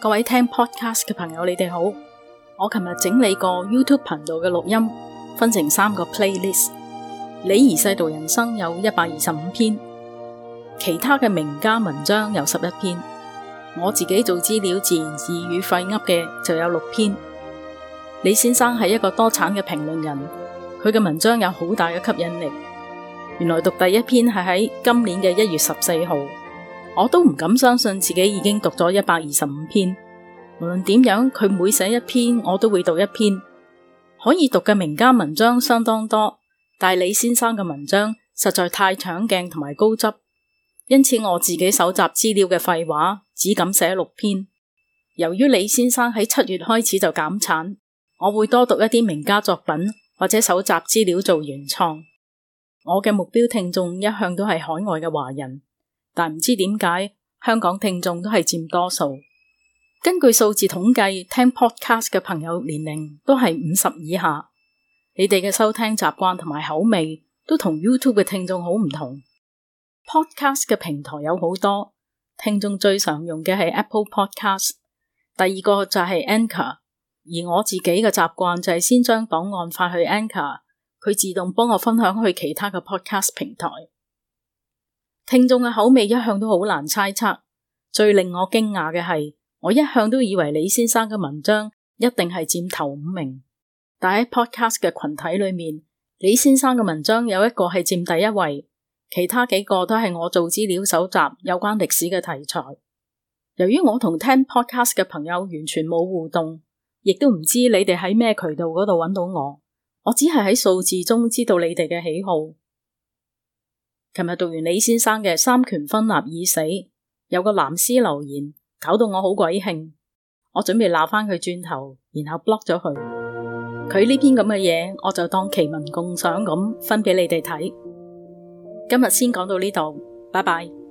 各位聽 podcast 嘅朋友，你哋好！我琴日整理過 YouTube 頻道嘅錄音，分成三個 playlist。李怡世道人生有一百二十五篇，其他嘅名家文章有十一篇。我自己做資料，自言自語廢噏嘅就有六篇。李先生係一個多產嘅評論人，佢嘅文章有好大嘅吸引力。原來讀第一篇係喺今年嘅一月十四號，我都唔敢相信自己已經讀咗一百二十五篇。無論點樣，佢每寫一篇，我都會讀一篇。可以讀嘅名家文章相當多，但係李先生嘅文章實在太搶鏡同埋高質，因此我自己搜集資料嘅廢話只敢寫六篇。由於李先生喺七月開始就減產，我會多讀一啲名家作品或者搜集資料做原創。我嘅目標聽眾一向都係海外嘅華人，但唔知點解香港聽眾都係佔多數。根據數字統計，聽 podcast 嘅朋友年齡都係五十以下。你哋嘅收聽習慣同埋口味都同 YouTube 嘅聽眾好唔同。podcast 嘅平台有好多。聽眾最常用嘅係 Apple Podcast，第二個就係 Anchor，而我自己嘅習慣就係先將檔案發去 Anchor，佢自動幫我分享去其他嘅 Podcast 平台。聽眾嘅口味一向都好難猜測，最令我驚訝嘅係，我一向都以為李先生嘅文章一定係佔頭五名，但喺 Podcast 嘅群體裏面，李先生嘅文章有一個係佔第一位。其他幾個都係我做資料搜集有關歷史嘅題材。由於我同聽 podcast 嘅朋友完全冇互動，亦都唔知你哋喺咩渠道嗰度揾到我，我只係喺數字中知道你哋嘅喜好。琴日讀完李先生嘅《三權分立已死》，有個藍絲留言，搞到我好鬼興，我準備鬧返佢轉頭，然後 block 咗佢。佢呢篇咁嘅嘢，我就當奇聞共賞咁分俾你哋睇。今日先講到呢度，拜拜。